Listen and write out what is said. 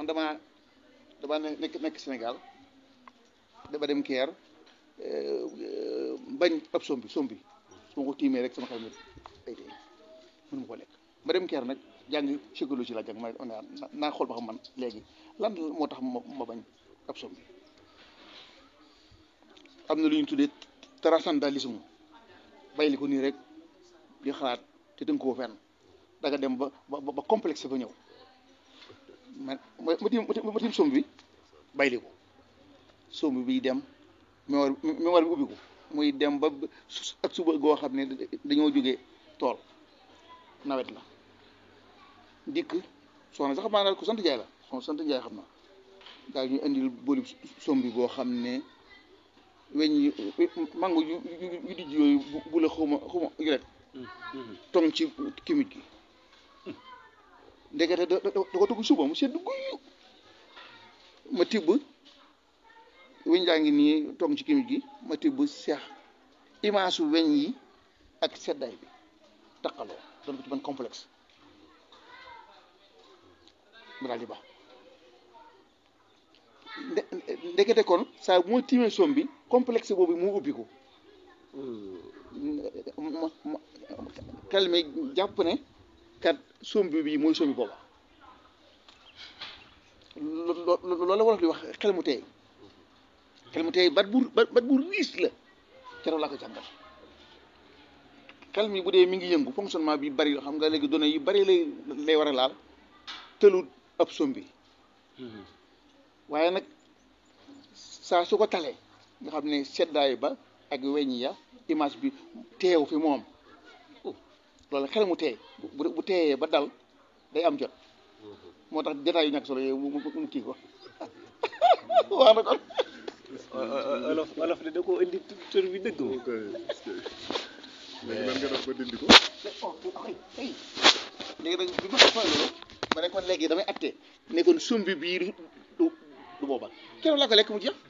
man dama dama nekk nekk senegal dama dem Caire bañ ab sombi sombi su ma ko tiimee rek sama xel mi day dee mënu ma ko lekk ma dem Caire nag jàng psychologie la jàng ma on naa xool ba xam man léegi lan moo tax ma bañ ab sombi am na lu ñu tuddee transcendentalisme bàyyi li rek di xalaat te dënk ko fenn danga dem ba ba complexe ba ñëw ma ma ma tiim somb bi bayli somb bi dem mémoire mémoire bi ubbi muy dem ba ak suba goo xam ne dañoo jógee tool nawet la dikk soxna sax maanaam ko sant jaay la soxna sant jaay xam na daal ñu indil boolib somb bi boo xam ne weñ yi mango yu yu yu dijj yooyu bu la xuma xuma yu rek tong ci kimit gi ndekete da ko dugg suba mu sedd guyu ma tibb weñ laa ngi nii toog ci kimit gi ma tibb seex imaasu weñ yi ak seddaay bi taqaloo doon ko ci benn complexe mu daal di baax ndekete kon saa bu ma tiimee soom bi complexe boobu mu ubbi ko xel hmm. mi jàpp ne kat sombi bi mooy sombi booba loolu la wolof di wax xel mu teey xel mu teey bat bu bat bu riis la keroog laa ko jàngal xel mi bu dee mi ngi yëngu fonctionnement bi bari yoo xam nga léegi données yu bari lay lay war a laal tëlu ab sombi mm-hmm. waaye nag saa su ko talee nga xam ne seddaay ba ak weñ ya image bi teew fi moom loolu xel mu teey bu teeyee ba dal day am jot mm-hmm. moo tax jotaay yu ñàkk solo yooyu mu kii ko wax na kon olof olof de da indi tur bi dëgg moom léegi lan nga def ko oh, oh, léegi nag bi léegi damay atte ne kon sumbi bii du du booba keroog laa ko lekk mu